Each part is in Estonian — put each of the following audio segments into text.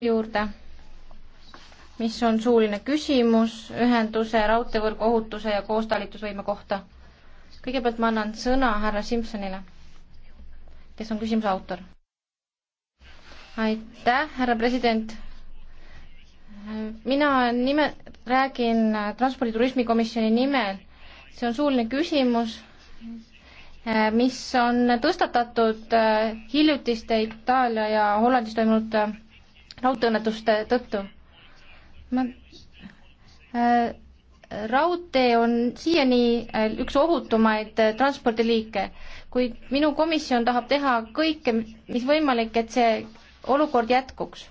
juurde, mis on suuline küsimus ühenduse raudteevõrgu ohutuse ja koostalitusvõime kohta. kõigepealt ma annan sõna härra Simsonile, kes on küsimuse autor. aitäh, härra president. mina nime, räägin transporditurismi komisjoni nimel. see on suuline küsimus, mis on tõstatatud hiljutiste Itaalia ja Hollandis toimunud raudteeõnnetuste tõttu. ma äh, raudtee on siiani äh, üks ohutumaid äh, transpordiliike, kuid minu komisjon tahab teha kõike, mis võimalik, et see olukord jätkuks.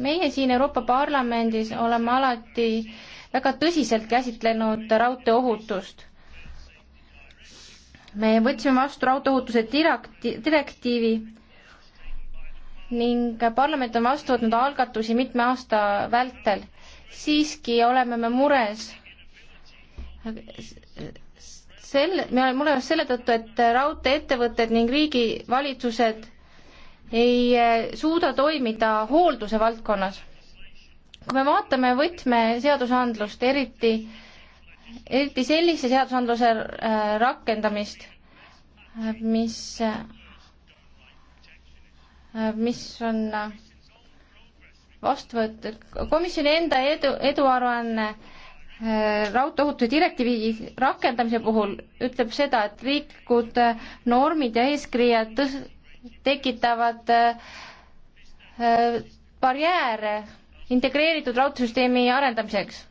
meie siin Euroopa Parlamendis oleme alati väga tõsiselt käsitlenud raudteeohutust me võtsime vastu raudteohutuse direktiivi ning parlament on vastu võtnud algatusi mitme aasta vältel. siiski oleme me mures selle, me oleme mures selle tõttu, et raudteeettevõtted ning riigivalitsused ei eh, suuda toimida hoolduse valdkonnas. kui me vaatame võtmeseadusandlust, eriti äh, eriti sellise seadusandluse äh, rakendamist, mis, äh, mis on vastu võetud. komisjoni enda edu, eduaruanne äh, raudteohutuse direktiivi rakendamise puhul ütleb seda, et riiklikud normid ja eeskirjad tõs-, tekitavad barjääre integreeritud raudteesüsteemi arendamiseks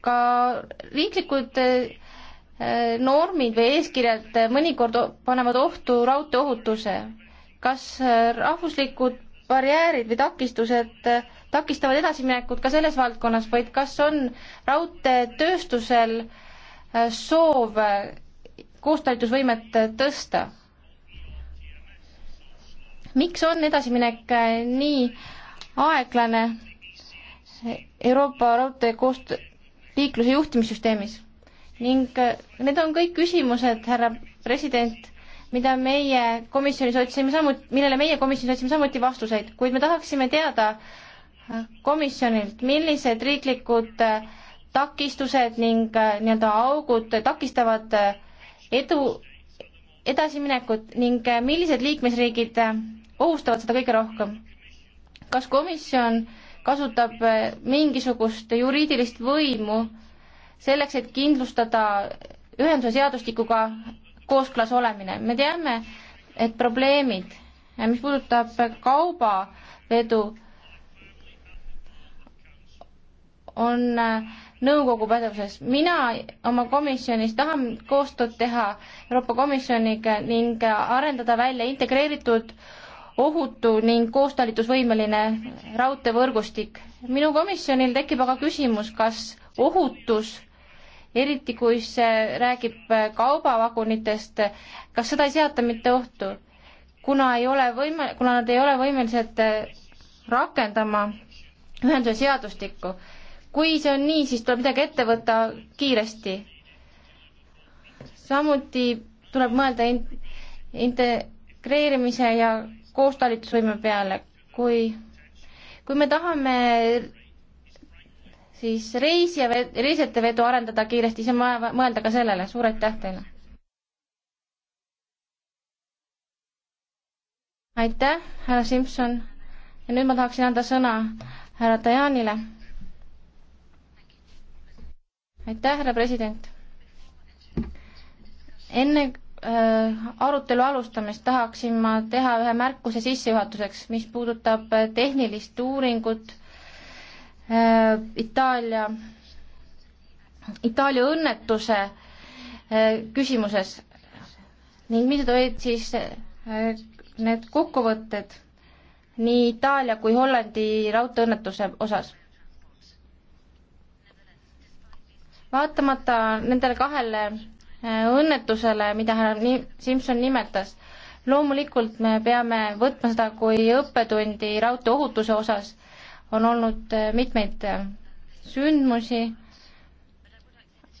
ka riiklikud eh, normid või eeskirjad mõnikord panevad ohtu raudteeohutuse. kas eh, rahvuslikud barjäärid või takistused eh, takistavad edasiminekut ka selles valdkonnas, vaid kas on raudteetööstusel soov koostalitusvõimet tõsta? miks on edasiminek nii aeglane Euroopa raudtee koost-, liikluse juhtimissüsteemis. ning äh, need on kõik küsimused, härra president, mida meie komisjonis otsime samuti, millele meie komisjonis otsime samuti vastuseid, kuid me tahaksime teada äh, komisjonilt, millised riiklikud äh, takistused ning nii-öelda augud takistavad edu, edasiminekut ning millised liikmesriigid ohustavad seda kõige rohkem? kas komisjon äh, kasutab eh, mingisugust juriidilist võimu selleks, et kindlustada ühenduse seadustikuga kooskõlas olemine. me teame, et probleemid, mis puudutab kaubavedu, on eh, nõukogu pädevuses. mina oma komisjonis tahan koostööd teha Euroopa Komisjoniga ning arendada välja integreeritud äh, ohutu ning koostalitusvõimeline raudteevõrgustik. minu komisjonil tekib aga küsimus, kas ohutus, eriti kui see räägib kaubavagunitest, kas seda ei seata mitte ohtu? kuna ei ole võime, kuna nad ei ole võimelised rakendama ühenduse seadustikku. kui see on nii, siis tuleb midagi ette võtta kiiresti. samuti tuleb mõelda in-, integreerimise ja koostalitusvõime peale, kui, kui me tahame siis reisi ja ve-, reisijate vedu arendada kiiresti, siis on vaja mõelda ka sellele, suur aitäh teile! aitäh, härra Simson! ja nüüd ma tahaksin anda sõna härra Dajanile. aitäh, härra president! enne Äh, arutelu alustamist tahaksin ma teha ühe märkuse sissejuhatuseks, mis puudutab äh, tehnilist uuringut äh, Itaalia, Itaalia õnnetuse küsimuses ning millised olid siis need kokkuvõtted nii Itaalia kui Hollandi raudteeõnnetuse osas vaatamata nendele kahele Äh, õnnetusele, mida härra Simson nimetas. loomulikult me peame võtma seda kui õppetundi raudteeohutuse osas. on olnud äh, mitmeid äh, sündmusi,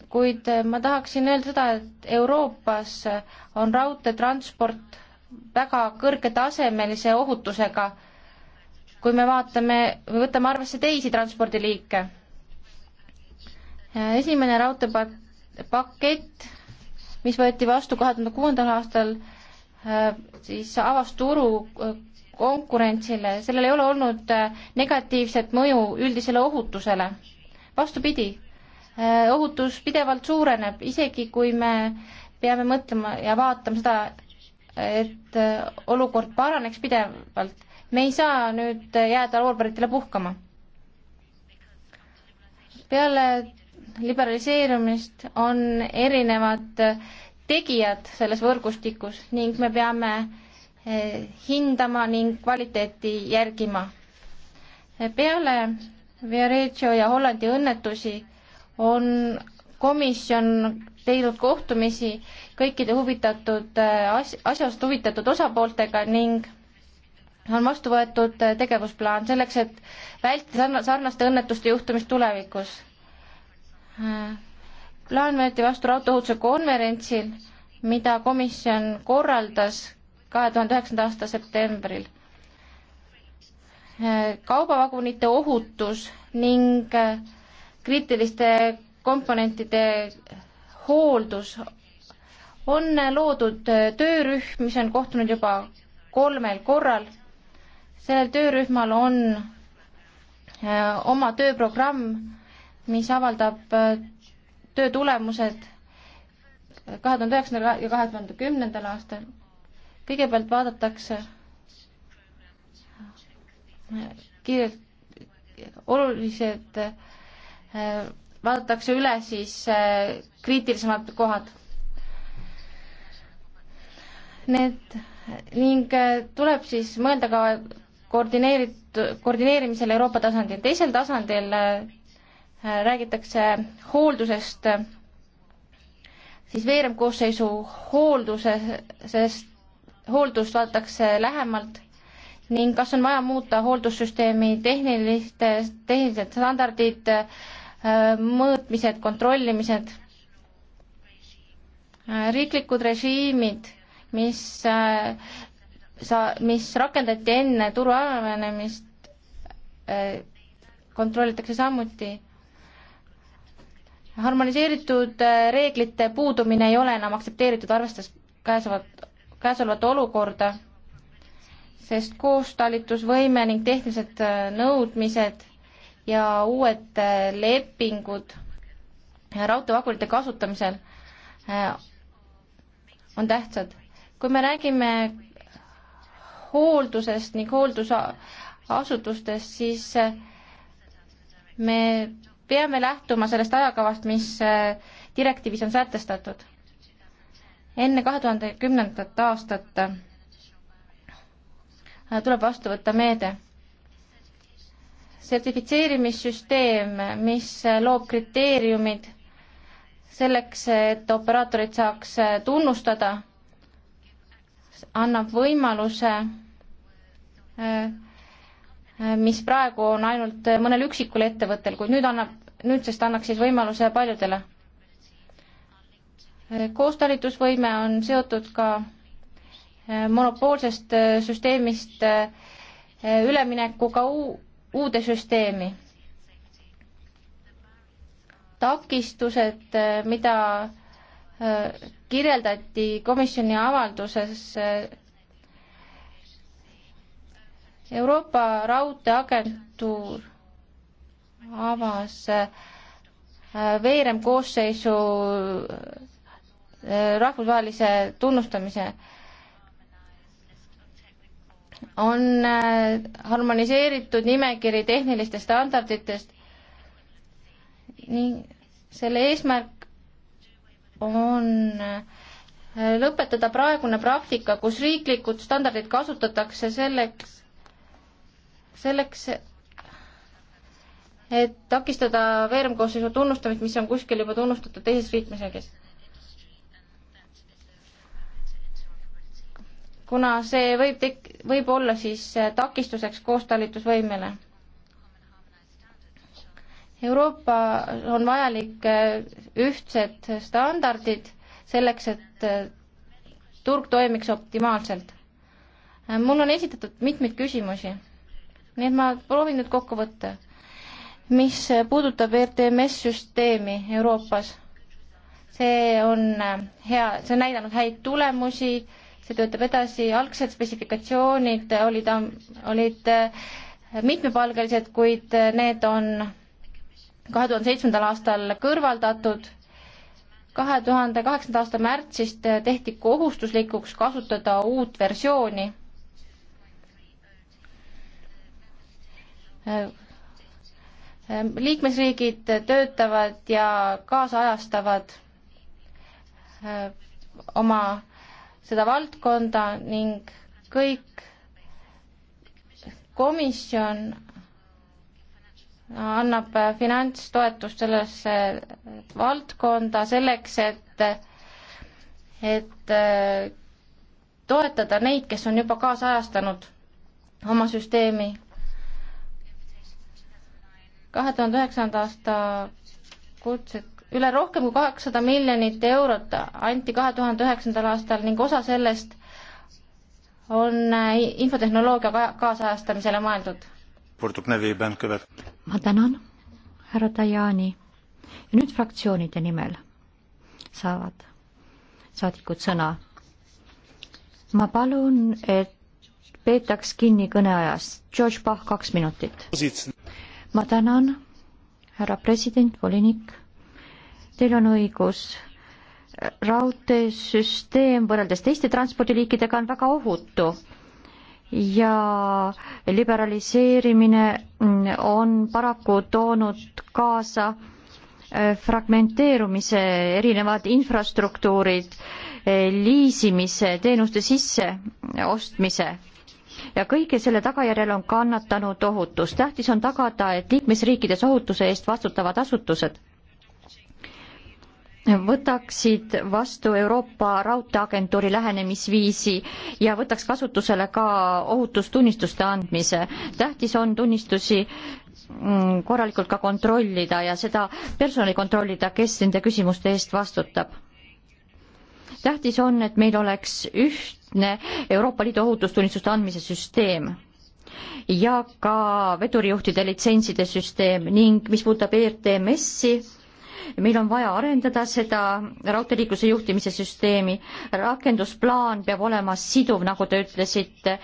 kuid ma tahaksin öelda seda, et Euroopas on raudteetransport väga kõrgetasemelise ohutusega, kui me vaatame, võtame arvesse teisi transpordiliike. esimene raudteepakett mis võeti vastu kahe tuhande kuuendal aastal, äh, siis avas turu äh, konkurentsile, sellel ei ole olnud äh, negatiivset mõju üldisele ohutusele. vastupidi, ohutus pidevalt suureneb, isegi kui me peame mõtlema ja vaatama seda, et olukord paraneks pidevalt. me ei saa nüüd jääda loorberitele puhkama. peale liberaliseerumist on erinevad tegijad selles võrgustikus ning me peame eh, hindama ning kvaliteeti järgima. peale Viareggio ja Hollandi õnnetusi on komisjon teinud kohtumisi kõikide huvitatud eh, as-, asjast huvitatud osapooltega ning on vastu võetud eh, tegevusplaan selleks, et vältida sarnaste õnnetuste juhtumist tulevikus Äh, plaan võeti vastu raudteohutuse konverentsil, mida komisjon korraldas kahe tuhande üheksanda aasta septembril. Äh, kaubavagunite ohutus ning äh, kriitiliste komponentide hooldus on loodud töörühm, mis on kohtunud juba kolmel korral. sellel töörühmal on oma tööprogramm mis avaldab äh, töö tulemused kahe tuhande üheksandal ja kahe tuhande kümnendal aastal. kõigepealt vaadatakse äh, kiirelt olulised, äh, vaadatakse üle siis kriitilisemad kohad. Need ning tuleb siis mõelda ka koordineeritud, koordineerimisel Euroopa tasandil, teisel tasandil räägitakse hooldusest, siis veerem koosseisu hooldusest, hooldust vaadatakse lähemalt ning kas on vaja muuta hooldussüsteemi tehniliste, tehnilised standardid, mõõtmised, kontrollimised, riiklikud režiimid, mis sa, mis rakendati enne turu avanemist, kontrollitakse samuti harmoniseeritud äh, reeglite puudumine ei ole enam aktsepteeritud, arvestades käesolevat, käesolevat olukorda, sest koostalitusvõime ning tehnilised äh, nõudmised ja uued äh, lepingud raudteevagurite kasutamisel on tähtsad. kui me räägime hooldusest ning hooldusasutustest, siis me peame lähtuma sellest ajakavast, mis äh, direktiivis on sätestatud. enne kahe tuhande kümnendat aastat äh, tuleb vastu võtta meede. sertifitseerimissüsteem, mis äh, loob kriteeriumid selleks, et operaatorid saaks tunnustada, annab võimaluse äh, Äh, mis praegu on ainult äh, mõnel üksikul ettevõttel, kuid nüüd annab, nüüdsest annaks siis võimaluse paljudele. Äh, koostalitusvõime on seotud ka monopoolsest süsteemist üleminekuga uu-, uude süsteemi. takistused, mida kirjeldati komisjoni avalduses Euroopa Raudteeagentuur avas äh, veerem koosseisu äh, rahvusvahelise tunnustamise on äh, harmoniseeritud nimekiri tehnilistest standarditest ning selle eesmärk on lõpetada praegune praktika, kus riiklikud standardid kasutatakse selleks, selleks, et takistada veeremkoosseisu tunnustamist, mis on kuskil juba tunnustatud teises liikmesriigis. kuna see võib tek-, võib olla siis takistuseks koostalitusvõimele. Euroopa on vajalik ühtsed standardid selleks, et turg toimiks optimaalselt. mul on esitatud mitmeid küsimusi nii et ma proovin nüüd kokku võtta. mis puudutab RTMS-süsteemi Euroopas, see on äh, hea, see on näidanud häid tulemusi, see töötab edasi, algsed spetsifikatsioonid olid, äh, olid äh, mitmepalgelised, kuid need on kahe tuhande seitsmendal aastal kõrvaldatud kahe tuhande kaheksanda aasta märtsist tehti kohustuslikuks kasutada uut versiooni liikmesriigid töötavad ja kaasajastavad äh, oma seda valdkonda ning kõik komisjon annab finantstoetust sellesse valdkonda selleks, et et äh, toetada neid, kes on juba kaasajastanud oma süsteemi kahe tuhande üheksanda aasta kutsed, üle rohkem kui kaheksasada miljonit eurot anti kahe tuhande üheksandal aastal ning osa sellest on äh, infotehnoloogia kaasajastamisele mõeldud. ma tänan, härra Tajani. ja nüüd fraktsioonide nimel saavad saadikud sõna. ma palun, et peetaks kinni kõneajast. George Bach, kaks minutit ma tänan, härra president, volinik. Teil on õigus, raudteesüsteem võrreldes teiste transpordiliikidega on väga ohutu ja liberaliseerimine on paraku toonud kaasa äh, fragmenteerumise, erinevad infrastruktuurid, äh, liisimise, teenuste sisseostmise ja kõige selle tagajärjel on kannatanud ohutus. tähtis on tagada, et liikmesriikides ohutuse eest vastutavad asutused võtaksid vastu Euroopa Raudteeagentuuri lähenemisviisi ja võtaks kasutusele ka ohutustunnistuste andmise. tähtis on tunnistusi mm, korralikult ka kontrollida ja seda personali kontrollida, kes nende küsimuste eest vastutab. tähtis on, et meil oleks üht ühtne Euroopa Liidu ohutustunnistuste andmise süsteem ja ka vedurijuhtide litsentside süsteem ning mis puudutab ERTMS-i, meil on vaja arendada seda raudteeliikluse juhtimise süsteemi, rakendusplaan peab olema siduv, nagu te ütlesite,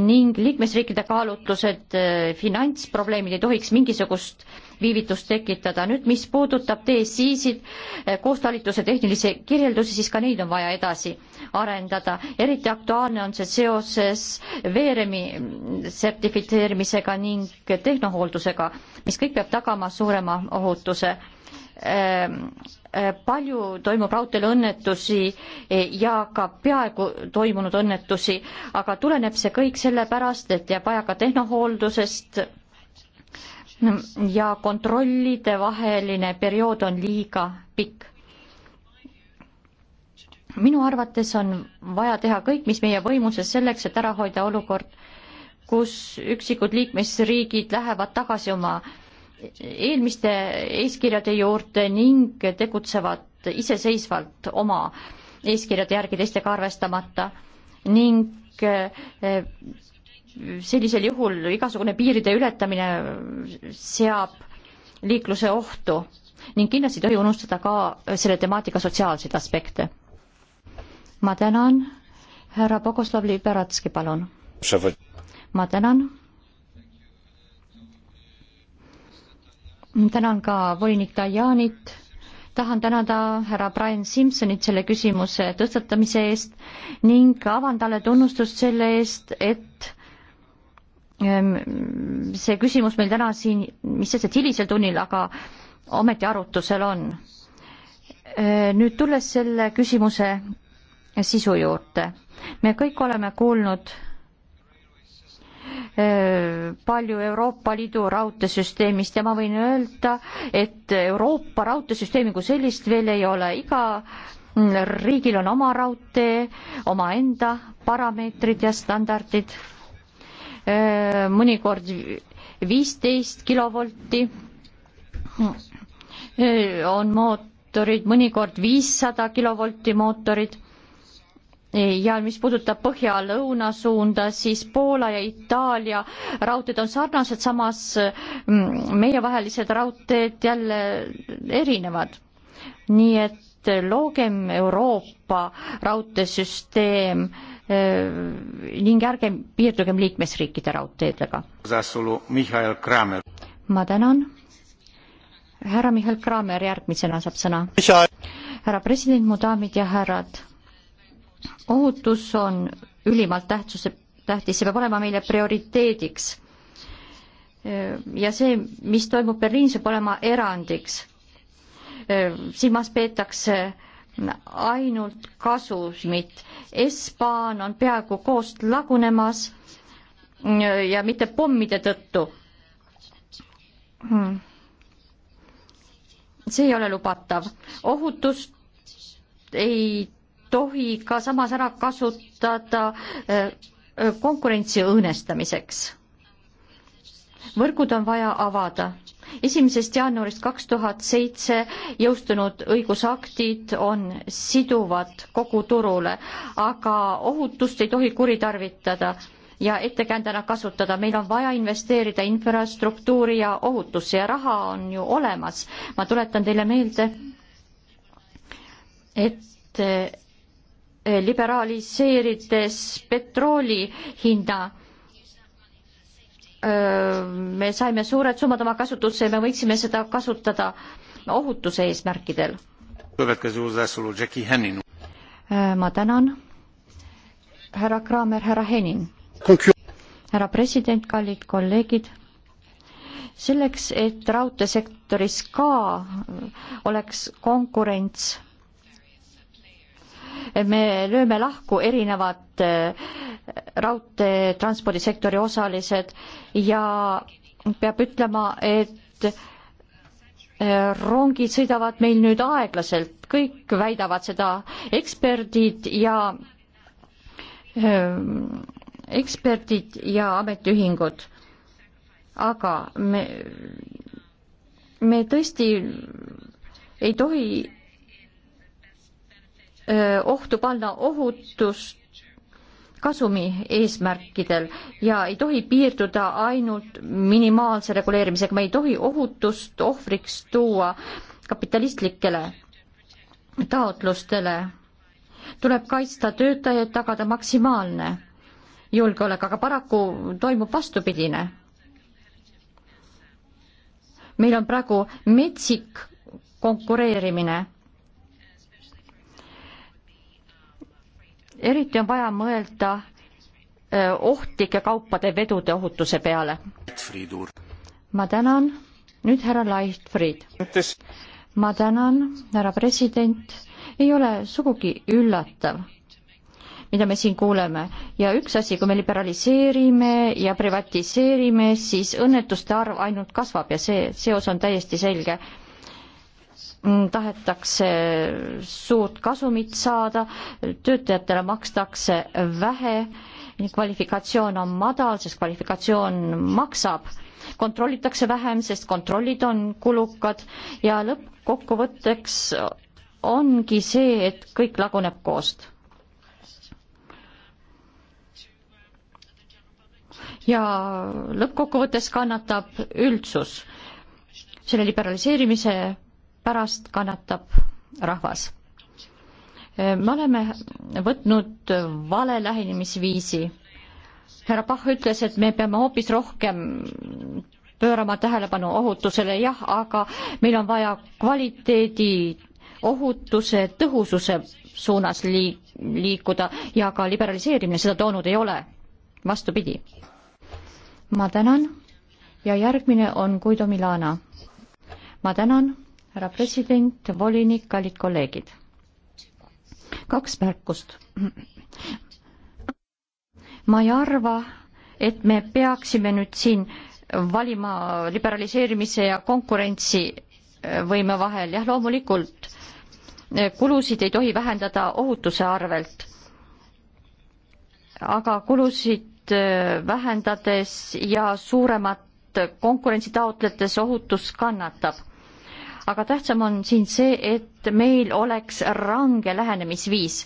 ning liikmesriikide kaalutlused, eh, finantsprobleemid ei tohiks mingisugust viivitust tekitada. nüüd, mis puudutab DSI-sid, eh, koostalituse tehnilisi kirjeldusi, siis ka neid on vaja edasi arendada. eriti aktuaalne on see seoses veeremi sertifitseerimisega ning tehnohooldusega, mis kõik peab tagama suurema ohutuse Ehm, eh, palju toimub raudteel õnnetusi eh, ja ka peaaegu toimunud õnnetusi, aga tuleneb see kõik sellepärast, et jääb vaja ka tehnohooldusest mm, ja kontrollide vaheline periood on liiga pikk. minu arvates on vaja teha kõik, mis meie võimuses selleks, et ära hoida olukord, kus üksikud liikmesriigid lähevad tagasi oma äh, eelmiste eeskirjade juurde ning tegutsevad iseseisvalt oma eeskirjade järgi teistega arvestamata ning eh, sellisel juhul igasugune piiride ületamine seab liikluse ohtu ning kindlasti ei tohi unustada ka selle temaatika sotsiaalseid aspekte. ma tänan, härra Bogoslav Liberatski, palun. ma tänan tänan ka volinik Dajanit, tahan tänada härra Brian Simsonit selle küsimuse tõstatamise eest ning avan talle tunnustust selle eest, et ehm, see küsimus meil täna siin, mis sest, et hilisel tunnil, aga ometi arutusel on. Ehm, nüüd tulles selle küsimuse sisu juurde, me kõik oleme kuulnud Eh, palju Euroopa Liidu raudteesüsteemist ja ma võin öelda, et Euroopa raudteesüsteemi kui sellist veel ei ole, iga riigil on oma raudtee, omaenda parameetrid ja standardid, eh, mõnikord viisteist kilovolti eh, on mootorid, mõnikord viissada kilovolti mootorid ja mis puudutab põhja-lõuna suunda, siis Poola ja Itaalia raudteed on sarnased, samas mm, meievahelised raudteed jälle erinevad. nii et loogem Euroopa raudteesüsteem ning ärgem piirdugem liikmesriikide raudteedega. ma tänan. härra Mihhail Kramer järgmisena saab sõna. härra president, mu daamid ja härrad ohutus on ülimalt tähtsuse, tähtis, see peab olema meile prioriteediks. ja see, mis toimub Berliinis, peab olema erandiks. silmas peetakse ainult kasumit. S-baan on peaaegu koost lagunemas ja mitte pommide tõttu. Hmm. see ei ole lubatav. ohutust ei tohi ka samas ära kasutada eh, konkurentsi õõnestamiseks. võrgud on vaja avada. esimesest jaanuarist kaks tuhat seitse jõustunud õigusaktid on siduvad kogu turule, aga ohutust ei tohi kuritarvitada ja ettekäändena kasutada, meil on vaja investeerida infrastruktuuri ja ohutusse ja raha on ju olemas. ma tuletan teile meelde, et Eh, liberaliseerides petrooli hinda me saime suured summad oma kasutusse ja me võiksime seda kasutada ohutuse eesmärkidel. ma tänan. härra Kraamer, härra Henin. härra president, kallid kolleegid. selleks, et raudteesektoris ka oleks konkurents me lööme lahku erinevad äh, raudteetranspordisektori osalised ja peab ütlema, et äh, rongid sõidavad meil nüüd aeglaselt, kõik väidavad seda, eksperdid ja äh, eksperdid ja ametiühingud. aga me, me tõesti ei tohi ohtu panna ohutust kasumi eesmärkidel ja ei tohi piirduda ainult minimaalse reguleerimisega, me ei tohi ohutust ohvriks tuua kapitalistlikele taotlustele. tuleb kaitsta töötajaid, tagada maksimaalne julgeolek, aga paraku toimub vastupidine. meil on praegu metsik konkureerimine eriti on vaja mõelda ohtlike kaupade vedude ohutuse peale. ma tänan, nüüd härra Leichtfried. ma tänan, härra president, ei ole sugugi üllatav, mida me siin kuuleme ja üks asi, kui me liberaliseerime ja privatiseerime, siis õnnetuste arv ainult kasvab ja see seos on täiesti selge Mm, tahetakse suurt kasumit saada, töötajatele makstakse vähe, kvalifikatsioon on madal, sest kvalifikatsioon maksab, kontrollitakse vähem, sest kontrollid on kulukad ja lõppkokkuvõtteks ongi see, et kõik laguneb koost. ja lõppkokkuvõttes kannatab üldsus selle liberaliseerimise pärast kannatab rahvas. me oleme võtnud vale lähenemisviisi. härra Pahh ütles, et me peame hoopis rohkem pöörama tähelepanu ohutusele, jah, aga meil on vaja kvaliteedi, ohutuse, tõhususe suunas liik-, liikuda ja ka liberaliseerimine seda toonud ei ole. vastupidi. ma tänan ja järgmine on Guido Milana. ma tänan härra president, volinik, kallid kolleegid. kaks märkust. ma ei arva, et me peaksime nüüd siin valima liberaliseerimise ja konkurentsivõime äh, vahel, jah, loomulikult äh, kulusid ei tohi vähendada ohutuse arvelt, aga kulusid äh, vähendades ja suuremat konkurentsi taotletes ohutus kannatab aga tähtsam on siin see, et meil oleks range lähenemisviis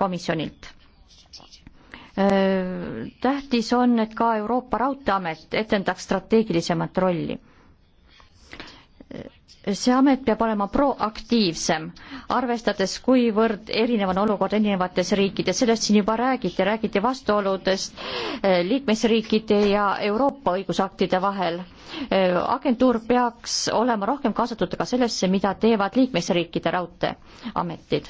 komisjonilt. tähtis on, et ka Euroopa Raudteeamet etendaks strateegilisemat rolli see amet peab olema proaktiivsem, arvestades, kuivõrd erinev on olukord erinevates riikides, sellest siin juba räägiti, räägiti vastuoludest eh, liikmesriikide ja Euroopa õigusaktide vahel. Eh, agentuur peaks olema rohkem kaasatud ka sellesse, mida teevad liikmesriikide raudteeametid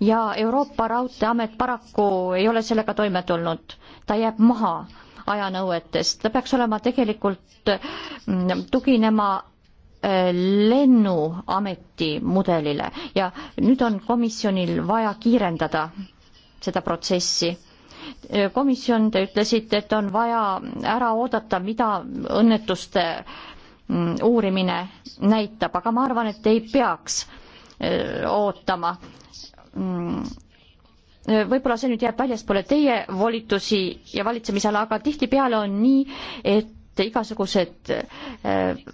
ja Euroopa Raudteeamet paraku ei ole sellega toime tulnud, ta jääb maha ajanõuetest, ta peaks olema tegelikult mm, tuginema äh, lennuameti mudelile ja nüüd on komisjonil vaja kiirendada seda protsessi äh, komisjon, te ütlesite, et on vaja ära oodata, mida õnnetuste mm, uurimine näitab, aga ma arvan, et ei peaks äh, ootama. Mm, Äh, võib-olla see nüüd jääb väljaspoole teie volitusi ja valitsemisala, aga tihtipeale on nii, et igasugused äh,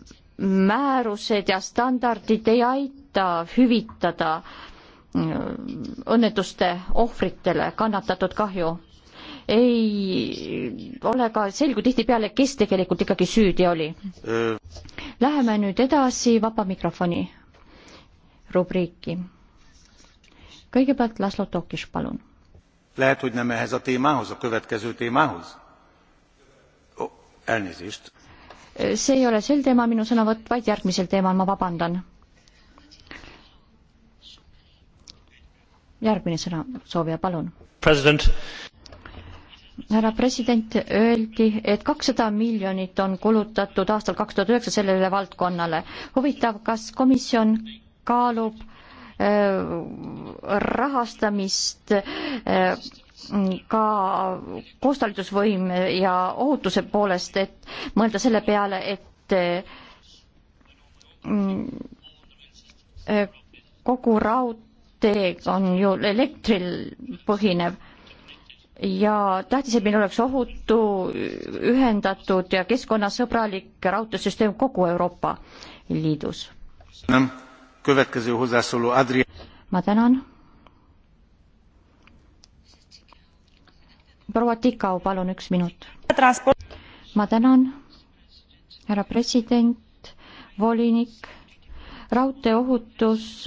määrused ja standardid ei aita hüvitada äh, õnnetuste ohvritele kannatatud kahju. ei ole ka selgu tihtipeale, kes tegelikult ikkagi süüdi oli. Läheme nüüd edasi vaba mikrofoni rubriiki kõigepealt Laslo Tokis, palun. Lehet, hogy nem ehhez a témához, a következő témához oh,? Elnézést. see ei ole sel teemal minu sõnavõtt, vaid järgmisel teemal, ma vabandan. järgmine sõna, soovija, palun. president härra president, öeldi, et kakssada miljonit on kulutatud aastal kaks tuhat üheksa sellele valdkonnale. huvitav, kas komisjon kaalub Äh, rahastamist äh, ka koostalitusvõim ja ohutuse poolest, et mõelda selle peale, et äh, kogu raudtee on ju elektril põhinev ja tähtis, et meil oleks ohutu, ühendatud ja keskkonnasõbralik raudteesüsteem kogu Euroopa Liidus ma tänan. proua Tikau, palun üks minut. ma tänan, härra president, volinik raudteeohutus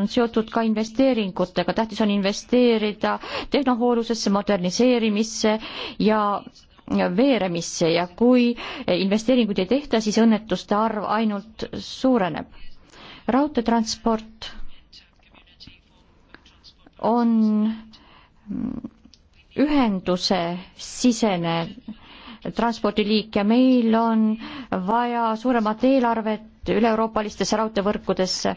on seotud ka investeeringutega, tähtis on investeerida tehnohoolusesse, moderniseerimisse ja veeremisse ja kui investeeringuid ei tehta, siis õnnetuste arv ainult suureneb raudteetransport on ühenduse sisene transpordiliik ja meil on vaja suuremat eelarvet üle-euroopalistesse raudteevõrkudesse.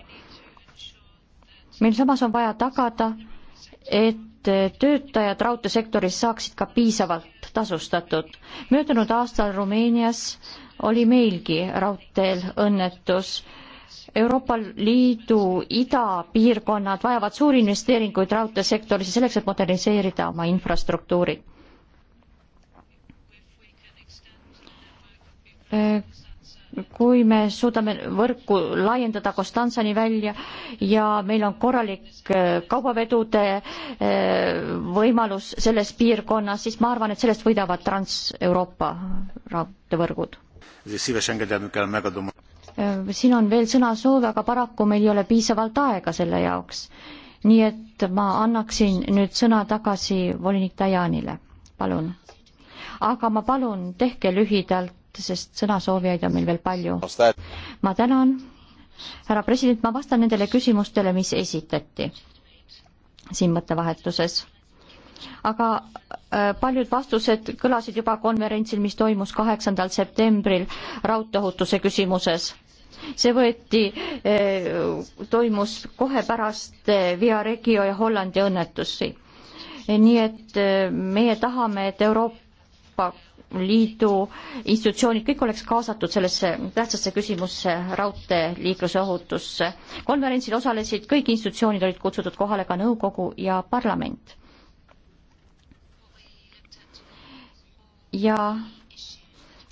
meil samas on vaja tagada, et töötajad raudteesektoris saaksid ka piisavalt tasustatud. möödunud aastal Rumeenias oli meilgi raudteel õnnetus Euroopa Liidu idapiirkonnad vajavad suuri investeeringuid raudteesektorisse selleks, et moderniseerida oma infrastruktuuri. kui me suudame võrku laiendada Konstantsani välja ja meil on korralik äh, kaubavedude äh, võimalus selles piirkonnas, siis ma arvan, et sellest võidavad Trans-Euroopa raudteevõrgud. Äh, siin on veel sõnasoov, aga paraku meil ei ole piisavalt aega selle jaoks. nii et ma annaksin nüüd sõna tagasi volinik Dajanile, palun. aga ma palun, tehke lühidalt, sest sõnasoovijaid on meil veel palju. ma tänan, härra president, ma vastan nendele küsimustele, mis esitati siin mõttevahetuses aga äh, paljud vastused kõlasid juba konverentsil, mis toimus kaheksandal septembril raudteohutuse küsimuses see võeti, eh, toimus kohe pärast eh, Via Regio ja Hollandi õnnetusi. Eh, nii et meie tahame, et Euroopa Liidu institutsioonid kõik oleks kaasatud sellesse tähtsasse küsimusse raudteeliikluse ohutusse. konverentsil osalesid kõik institutsioonid, olid kutsutud kohale ka nõukogu ja parlament. ja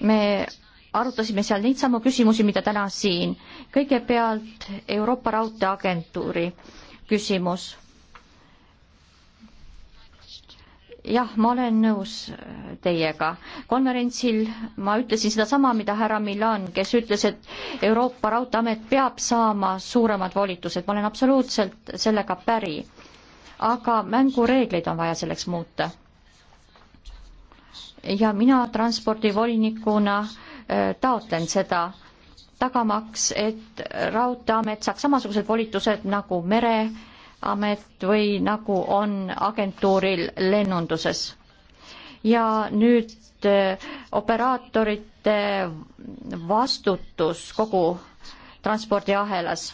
me arutasime seal neid samu küsimusi, mida täna siin. kõigepealt Euroopa Raudteeagentuuri küsimus. jah, ma olen nõus teiega. konverentsil ma ütlesin sedasama, mida härra Milan, kes ütles, et Euroopa Raudteeamet peab saama suuremad volitused, ma olen absoluutselt sellega päri. aga mängureegleid on vaja selleks muuta. ja mina transpordivolinikuna äh, taotlen seda tagamaks, et Raudteeamet saaks samasugused volitused nagu Mereamet või nagu on agentuuril lennunduses. ja nüüd äh, operaatorite vastutus kogu transpordiahelas,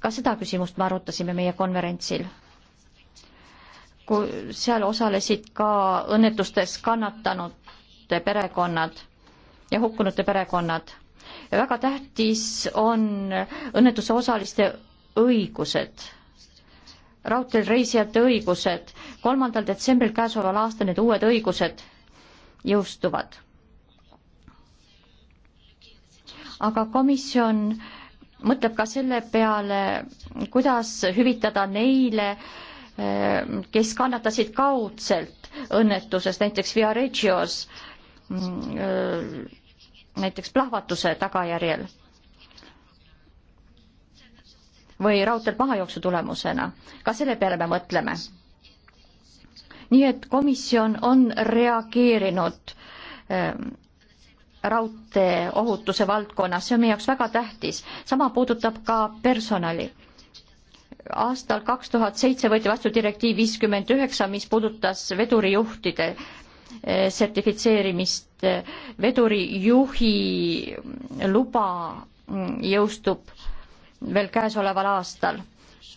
ka seda küsimust me arutasime meie konverentsil. kui seal osalesid ka õnnetustes kannatanute perekonnad ja hukkunute perekonnad. väga tähtis on õnnetuse osaliste õigused raudteel reisijate õigused. kolmandal detsembril käesoleval aastal need uued õigused jõustuvad. aga komisjon mõtleb ka selle peale, kuidas hüvitada neile, kes kannatasid kaudselt õnnetuses, näiteks Via Regios Mm, näiteks plahvatuse tagajärjel või raudteel mahajooksu tulemusena. ka selle peale me mõtleme. nii et komisjon on reageerinud ähm, raudtee ohutuse valdkonnas, see on meie jaoks väga tähtis. sama puudutab ka personali. aastal kaks tuhat seitse võeti vastu direktiiv viiskümmend üheksa, mis puudutas vedurijuhtide sertifitseerimist, vedurijuhi luba jõustub veel käesoleval aastal.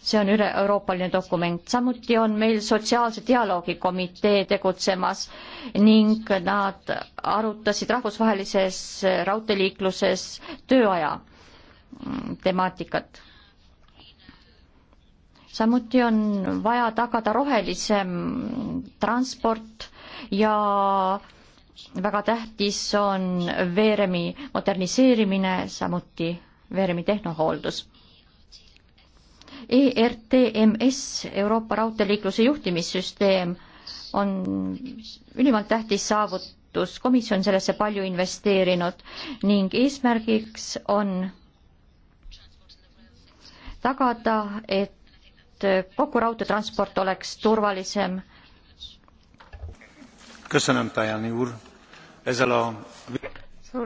see on üle-euroopaline dokument, samuti on meil sotsiaalse dialoogi komitee tegutsemas ning nad arutasid rahvusvahelises raudteeliikluses tööaja temaatikat samuti on vaja tagada rohelisem transport ja väga tähtis on veeremi moderniseerimine, samuti veeremi tehnohooldus. ERTMS, Euroopa raudteeliikluse juhtimissüsteem, on ülimalt tähtis saavutus, komisjon sellesse palju investeerinud ning eesmärgiks on tagada, et kogu raudteetransport oleks turvalisem suur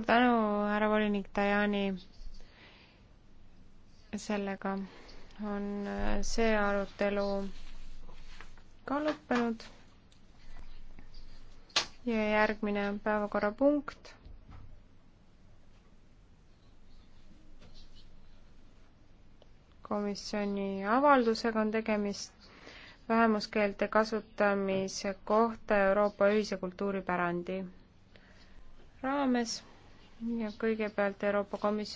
tänu härra volinik tajani sellega on äh, see arutelu ka lõppenud ja järgmine päevakorrapunkt komisjoni avaldusega on tegemist vähemuskeelte kasutamise kohta Euroopa ühise kultuuripärandi raames ja kõigepealt Euroopa Komisjoni